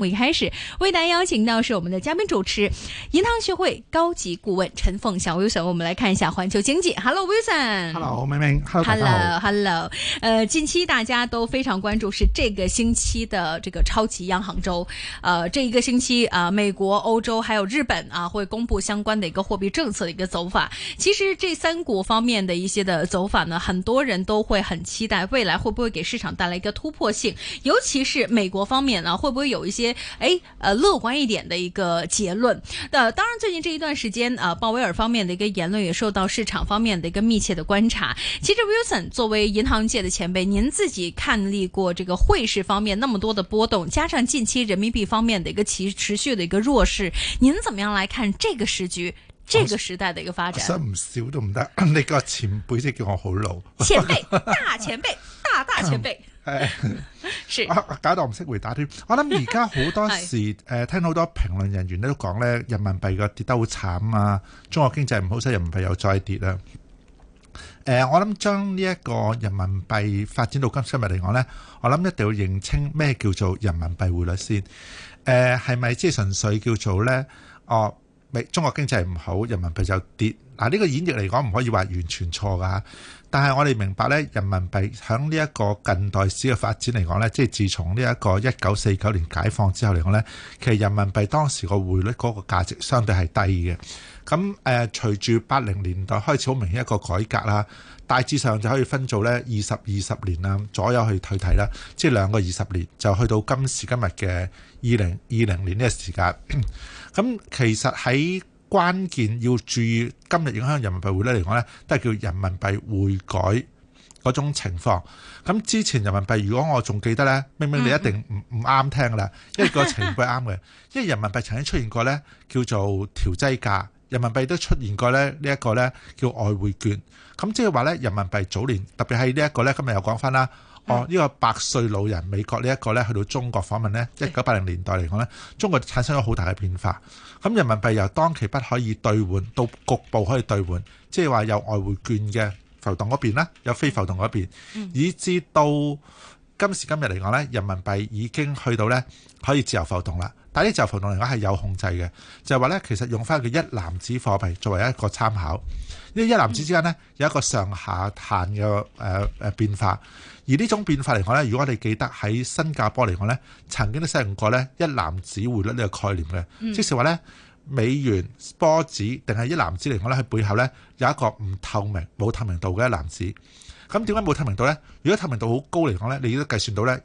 我一開始為大家邀請到是我們的嘉賓主持，銀行學會高級顧問陳鳳翔 Wilson。我們來看一下環球經濟，Hello Wilson，Hello 明明，Hello Hello。呃，近期大家都非常關注是這個星期的這個超級央行周，呃，這一個星期啊，呃，美國、歐洲還有日本啊，呃，會公布相關的一個貨幣政策的一個走法。其實這三國方面的一些的走法呢，很多人都會很期待未來會不會給市場帶來一個突破性，尤其是美國方面呢，會不會有一些。呃、哎，樂觀一點的一個結論。那當然，最近這一段時間啊，鮑威爾方面的一個言論也受到市場方面的一個密切的觀察。其實，Wilson 作為銀行界的前輩，您自己看歷過這個匯市方面那麼多的波動，加上近期人民幣方面的一個持持續的一個弱勢，您怎麼樣來看這個時局、這個時代的一個發展？我唔少都唔得，你個前輩即叫我好老。 前輩，大前輩，大大前輩。誒，我我搞到我唔識回答添。我諗而家好多時，誒，聽好多評論人員都講咧，人民幣個跌得好慘啊！中國經濟唔好使，人民幣又再跌啦。誒，我諗將呢一個人民幣發展到今今日嚟講咧，我諗一定要認清咩叫做人民幣匯率先。誒，係咪即係純粹叫做咧？哦，咪中國經濟唔好，人民幣就跌。嗱，呢、啊，這個演繹嚟講唔可以話完全錯噶，但係我哋明白咧，人民幣喺呢一個近代史嘅發展嚟講咧，即係自從呢一個一九四九年解放之後嚟講咧，其實人民幣當時的匯個匯率嗰個價值相對係低嘅。咁、嗯、誒，隨住八零年代開始好明顯一個改革啦，大致上就可以分做咧二十二十年啊左右去退體啦，即係兩個二十年就去到今時今日嘅二零二零年呢個時間。咁、嗯、其實喺關鍵要注意今日影響人民幣匯率嚟講呢都係叫人民幣匯改嗰種情況。咁之前人民幣如果我仲記得呢，明明你一定唔唔啱聽啦，因為個情況係啱嘅。 因為人民幣曾經出現過呢叫做調劑價；人民幣都出現過呢呢一個呢叫外匯券。咁即係話呢人民幣早年特別係呢一個呢，今日又講翻啦。哦，呢、這個百歲老人美國這個呢一個咧，去到中國訪問呢，一九八零年代嚟講呢，中國產生咗好大嘅變化。咁人民幣由當期不可以兌換到局部可以兌換，即係話有外匯券嘅浮動嗰邊啦，有非浮動嗰邊，嗯、以至到今時今日嚟講呢，人民幣已經去到呢可以自由浮動啦。但係呢就浮動嚟講係有控制嘅，就係話咧，其實用翻佢一籃子貨幣作為一個參考，呢一籃子之間咧有一個上下限嘅誒變化，而呢種變化嚟講咧，如果我哋記得喺新加坡嚟講咧，曾經都使用過咧一籃子匯率呢個概念嘅，嗯、即是話咧美元波子定係一籃子嚟講咧，喺背後咧有一個唔透明冇透明度嘅一籃子，咁點解冇透明度咧？如果透明度好高嚟講咧，你都計算到咧。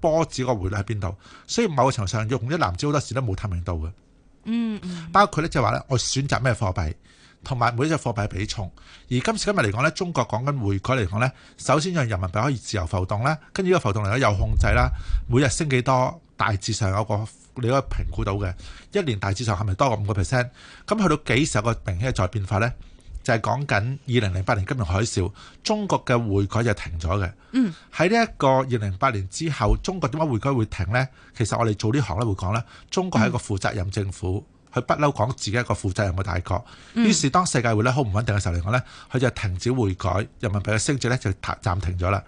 波子個匯率喺邊度？所以某個程度上，用一籃子好多時都冇透明度嘅。嗯嗯，包括咧就係話咧，我選擇咩貨幣，同埋每隻貨幣嘅比重。而今次今日嚟講咧，中國講緊匯改嚟講咧，首先讓人民幣可以自由浮動啦。跟住依個浮動嚟講又控制啦，每日升幾多，大致上有個你可以評估到嘅。一年大致上係咪多過五個 percent？咁去到幾時個明顯再變化咧？就係講緊二零零八年金融海嘯，中國嘅匯改就停咗嘅。嗯，喺呢一個二零零八年之後，中國點解匯改會停呢？其實我哋做呢行咧會講呢，中國係一個負責任政府，佢不嬲講自己一個負責任嘅大國。嗯，於是當世界匯率好唔穩定嘅時候嚟講呢，佢就停止匯改，人民幣嘅升值咧就暫停咗啦。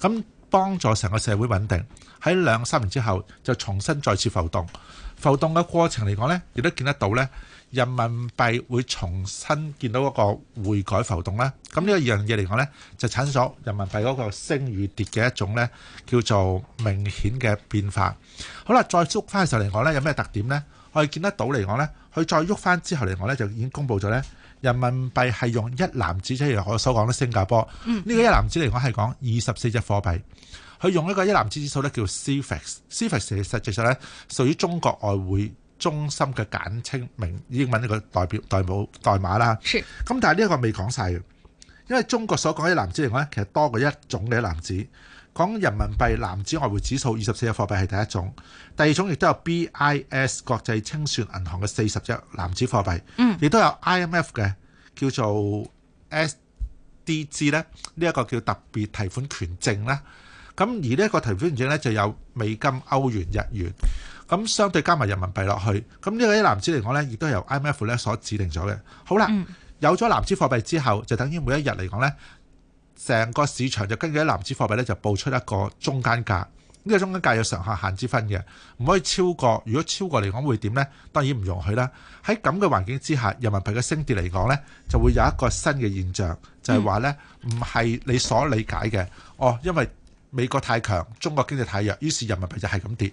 咁幫助成個社會穩定。喺兩三年之後，就重新再次浮動。浮動嘅過程嚟講呢，亦都見得到呢人民幣會重新見到一個匯改浮動啦。咁呢一樣嘢嚟講呢，就產生咗人民幣嗰個升與跌嘅一種呢，叫做明顯嘅變化。好啦，再喐翻嘅時候嚟講呢，有咩特點呢？我哋見得到嚟講呢，佢再喐翻之後嚟講呢，就已經公布咗呢人民幣係用一籃子，即係我所講嘅新加坡呢個一籃子嚟講係講二十四隻貨幣。佢用一個一籃子指數咧，叫 C-FEX。C-FEX 其實其實咧，屬於中國外匯中心嘅簡稱名，英文呢個代表代碼代碼啦。咁， 但係呢一個未講晒，因為中國所講一籃子嚟講咧，其實多過一種嘅一籃子。講人民幣籃子外匯指數二十四個貨幣係第一種，第二種亦都有 BIS 國際清算銀行嘅四十隻籃子貨幣，亦都、嗯、有 IMF 嘅叫做 SDG 咧，呢、這、一個叫特別提款權證啦。咁而呢一個提款券咧，就有美金、歐元、日元，咁相對加埋人民幣落去，咁呢個啲籃子嚟講咧，亦都係由 IMF 咧所指定咗嘅。好啦，有咗籃子貨幣之後，就等於每一日嚟講咧，成個市場就根據啲籃子貨幣咧，就報出一個中間價。呢個中間價有上下限之分嘅，唔可以超過。如果超過嚟講會點咧？當然唔容許啦。喺咁嘅環境之下，人民幣嘅升跌嚟講咧，就會有一個新嘅現象，就係話咧，唔係你所理解嘅。哦，因為美國太強，中國經濟太弱，於是人民幣就係咁跌。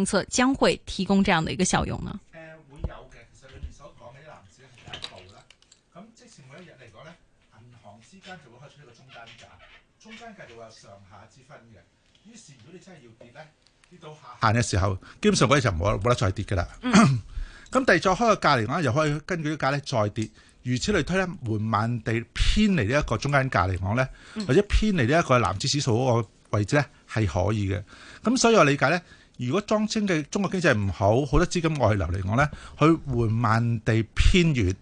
政策將會提供這樣的一個效用呢？誒、呃，會有嘅，其實裏面所講嘅籃子係一道啦。咁即時每一日嚟講咧，銀行之間就會開出一個中間價，中間價就會有上下之分嘅。於是如果你真係要跌咧，跌到下限嘅時候，基本上嗰一層冇得冇得再跌噶啦。咁第二再開個價嚟講，又可以根據啲價咧再跌。如此類推咧，緩慢地偏離呢一個中間價嚟講咧，嗯、或者偏離呢一個籃子指數嗰個位置咧，係可以嘅。咁所以我理解咧。如果莊清嘅中國經濟唔好，好多資金外流嚟講呢，佢緩慢地偏軟，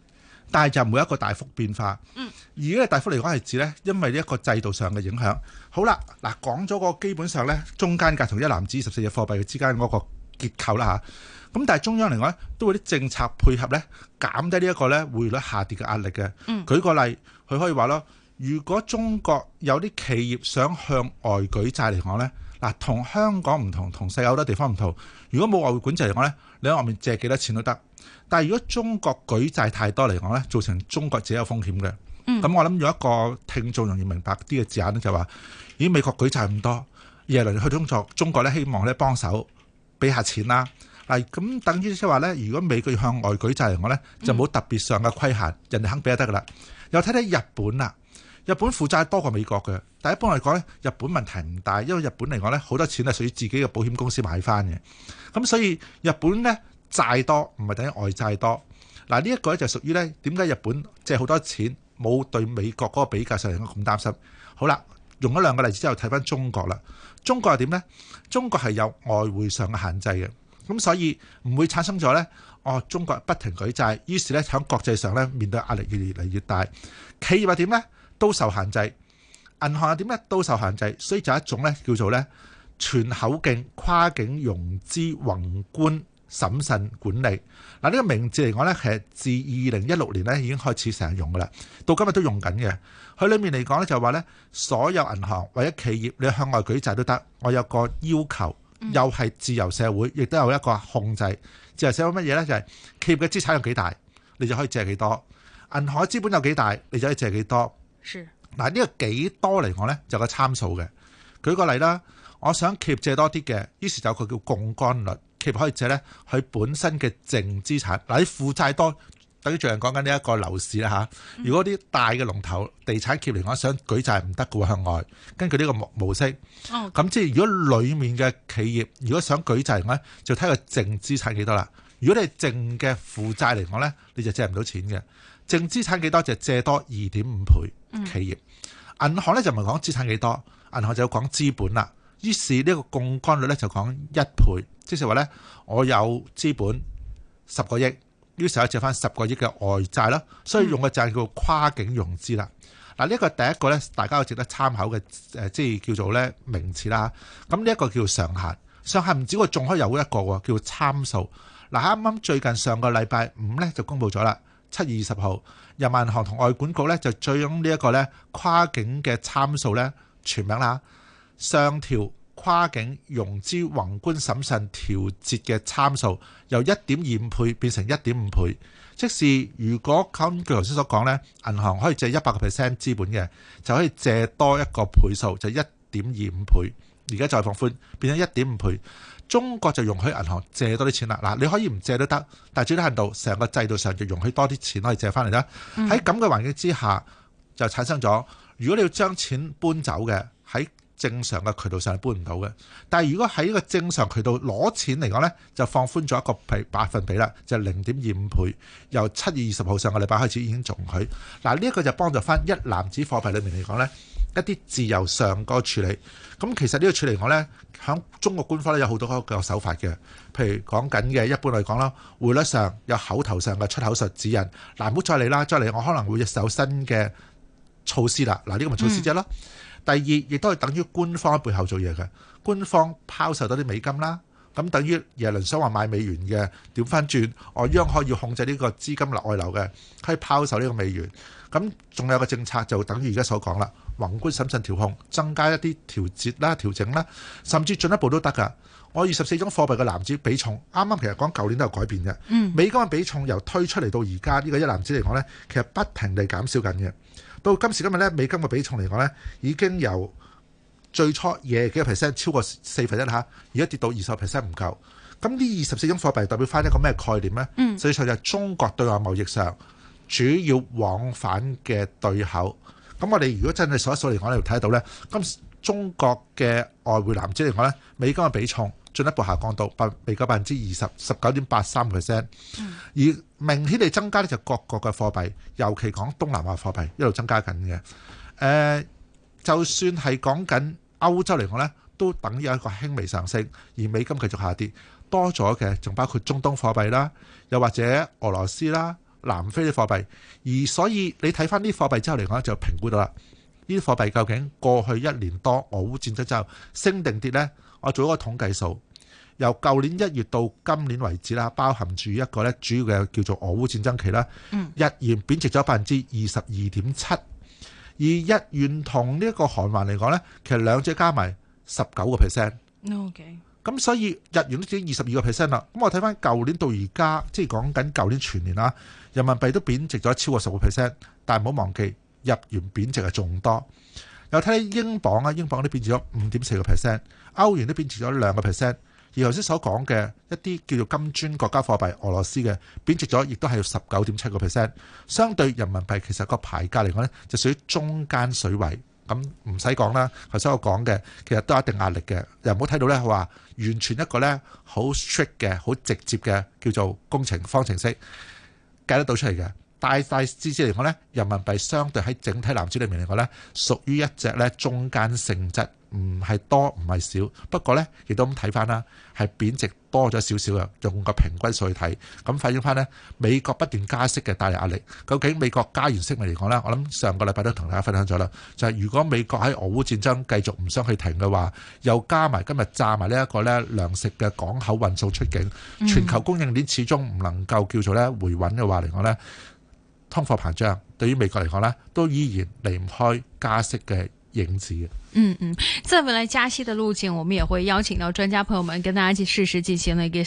但係就冇一個大幅變化。嗯，而家嘅大幅嚟講係指呢，因為一個制度上嘅影響。好啦，嗱，講咗個基本上呢，中間價同一籃子二十四隻貨幣之間嗰個結構啦嚇。咁但係中央嚟講都會啲政策配合呢，減低呢一個呢匯率下跌嘅壓力嘅。嗯，舉個例，佢可以話咯。如果中國有啲企業想向外舉債嚟講咧，嗱同香港唔同，同世界好多地方唔同。如果冇外匯管制嚟講咧，你喺外面借幾多錢都得。但係如果中國舉債太多嚟講咧，造成中國自己有風險嘅。咁、嗯、我諗用一個聽眾容易明白啲嘅字眼咧，就話：咦，美國舉債咁多，耶倫去通助中國咧，希望咧幫手俾下錢啦、啊。嗱，咁等於即係話咧，如果美國向外舉債嚟講咧，就冇特別上嘅規限，嗯、人哋肯俾就得噶啦。又睇睇日本啦、啊。日本負債多過美國嘅，但一般嚟講咧，日本問題唔大，因為日本嚟講咧好多錢係屬於自己嘅保險公司買翻嘅，咁所以日本咧債多唔係等於外債多嗱。呢一個咧就係屬於咧點解日本借好多錢冇對美國嗰個比較上嚟講咁擔心。好啦，用咗兩個例子之後睇翻中國啦。中國又點呢？中國係有外匯上嘅限制嘅，咁所以唔會產生咗呢哦。中國不停舉債，於是呢，喺國際上呢，面對壓力越嚟越大。企業又點呢？都受限制，銀行又點咧？都受限制，所以就一種咧，叫做咧全口徑跨境融資宏觀審慎管理嗱。呢個名字嚟講呢其實自二零一六年咧已經開始成日用噶啦，到今日都用緊嘅。佢裏面嚟講呢就係話咧，所有銀行或者企業，你向外舉債都得。我有個要求，又係自由社會，亦都有一個控制。自由社會乜嘢呢？就係企業嘅資產有幾大，你就可以借幾多；銀行嘅資本有幾大，你就可以借幾多。是嗱，呢個幾多嚟講咧，就個參數嘅。舉個例啦，我想企業借多啲嘅，於是就佢叫槓桿率，企業可以借咧，佢本身嘅淨資產。嗱，你負債多，等於最近講緊呢一個樓市啦吓。如果啲大嘅龍頭地產企業嚟講，想舉債唔得嘅向外，根據呢個模模式。哦。咁即係如果裏面嘅企業如果想舉債咧，就睇佢淨資產幾多啦。如果你係淨嘅負債嚟講咧，你就借唔到錢嘅。淨資產幾多就借多二點五倍企業，嗯、銀行咧就唔係講資產幾多，銀行就講資本啦。於是呢個槓桿率咧就講一倍，即係話咧我有資本十個億，於是我借翻十個億嘅外債咯。所以用嘅就係叫做跨境融資啦。嗱呢、嗯、個第一個咧，大家有值得參考嘅誒，即係叫做咧名詞啦。咁呢一個叫做上限，上限唔只個仲可以有一個叫參數。嗱啱啱最近上個禮拜五咧就公布咗啦。七月二十號，人民銀行同外管局咧就追緊呢一個咧跨境嘅參數咧，全名啦，上調跨境融資宏觀審慎調節嘅參數，由一點二五倍變成一點五倍。即是如果根據頭先所講咧，銀行可以借一百個 percent 資本嘅，就可以借多一個倍數，就一點二五倍。而家再放寬，變咗一點五倍。中國就容許銀行借多啲錢啦，嗱，你可以唔借都得，但係最低限度成個制度上就容許多啲錢可以借翻嚟啦。喺咁嘅環境之下，就產生咗如果你要將錢搬走嘅，喺正常嘅渠道上係搬唔到嘅。但係如果喺一個正常渠道攞錢嚟講呢，就放寬咗一個百分比啦，就零點二五倍，由七月二十號上個禮拜開始已經容許。嗱，呢一個就幫助翻一籃子貨幣裏面嚟講呢。一啲自由上個處理，咁其實呢個處理我呢，響中國官方咧有好多個手法嘅，譬如講緊嘅一般嚟講啦，匯率上有口頭上嘅出口術指引，嗱、啊、唔好再嚟啦，再嚟我可能會有新嘅措施啦，嗱、啊、呢、呢個咪措施啫囉。嗯、第二亦都係等於官方喺背後做嘢嘅，官方拋售多啲美金啦，咁、啊、等於耶倫想話買美元嘅，點翻轉我、啊、央可以控制呢個資金流外流嘅，可以拋售呢個美元。咁仲有個政策就等於而家所講啦，宏觀審慎調控，增加一啲調節啦、調整啦，甚至進一步都得㗎。我二十四種貨幣嘅籃子比重，啱啱其實講舊年都有改變嘅。嗯、美金嘅比重由推出嚟到而家呢個一籃子嚟講咧，其實不停地減少緊嘅。到今時今日咧，美金嘅比重嚟講咧，已經由最初嘢幾個 percent 超過四分一嚇，而家跌到二十個 percent 唔夠。咁呢二十四種貨幣代表翻一個咩概念咧？所以、嗯、就係中國對外貿易上，主要往返嘅對口，咁我哋如果真係數一數嚟講，你會睇到咧，今中國嘅外匯籃子嚟講咧，美金嘅比重進一步下降到百，未夠百分之二十，十九點八三個 percent。而明顯地增加咧，就各國嘅貨幣，尤其講東南亞貨幣一路增加緊嘅。誒，就算係講緊歐洲嚟講咧，都等於一個輕微上升，而美金繼續下跌。多咗嘅仲包括中東貨幣啦，又或者俄羅斯啦。南非啲貨幣，而所以你睇翻啲貨幣之後嚟講就評估到啦。呢啲貨幣究竟過去一年多俄烏戰爭之後升定跌呢？我做一個統計數，由舊年一月到今年為止啦，包含住一個咧主要嘅叫做俄烏戰爭期啦。日、嗯、元貶值咗百分之二十二點七，而日元同呢一個韓圜嚟講呢，其實兩者加埋十九個 percent。Okay. 咁所以日元都已跌二十二個 percent 啦。咁我睇翻舊年到而家，即係講緊舊年全年啦，人民幣都貶值咗超過十個 percent。但係唔好忘記，日元貶值係仲多。又睇英鎊啊，英鎊都貶值咗五點四個 percent，歐元都貶值咗兩個 percent。而頭先所講嘅一啲叫做金磚國家貨幣，俄羅斯嘅貶值咗，亦都係十九點七個 percent。相對人民幣其實個牌價嚟講呢，就屬於中間水位。咁唔使講啦，頭先我講嘅其實都有一定壓力嘅，又唔好睇到咧，佢話完全一個咧好 strict 嘅、好直接嘅叫做工程方程式計得到出嚟嘅。大大之之嚟講咧，人民幣相對喺整體籃子裏面嚟講咧，屬於一隻咧中間性質。唔係多唔係少，不過呢亦都咁睇翻啦，係貶值多咗少少嘅，用個平均數去睇。咁反映翻呢，美國不斷加息嘅帶嚟壓力。究竟美國加完息嚟講呢，我諗上個禮拜都同大家分享咗啦，就係如果美國喺俄烏戰爭繼續唔想去停嘅話，又加埋今日炸埋呢一個呢糧食嘅港口運送出境，全球供應鏈始終唔能夠叫做呢回穩嘅話嚟講呢，通貨膨脹對於美國嚟講呢，都依然離唔開加息嘅。影子啊，嗯嗯，在未來加息的路徑，我們也會邀請到專家朋友們跟大家去試試進行了一個。